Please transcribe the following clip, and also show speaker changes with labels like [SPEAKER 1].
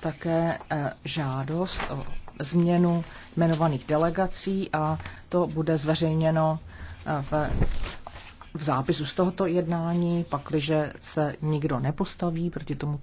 [SPEAKER 1] také eh, žádost o změnu jmenovaných delegací a to bude zveřejněno eh, v, v zápisu z tohoto jednání, pakliže se nikdo nepostaví proti tomu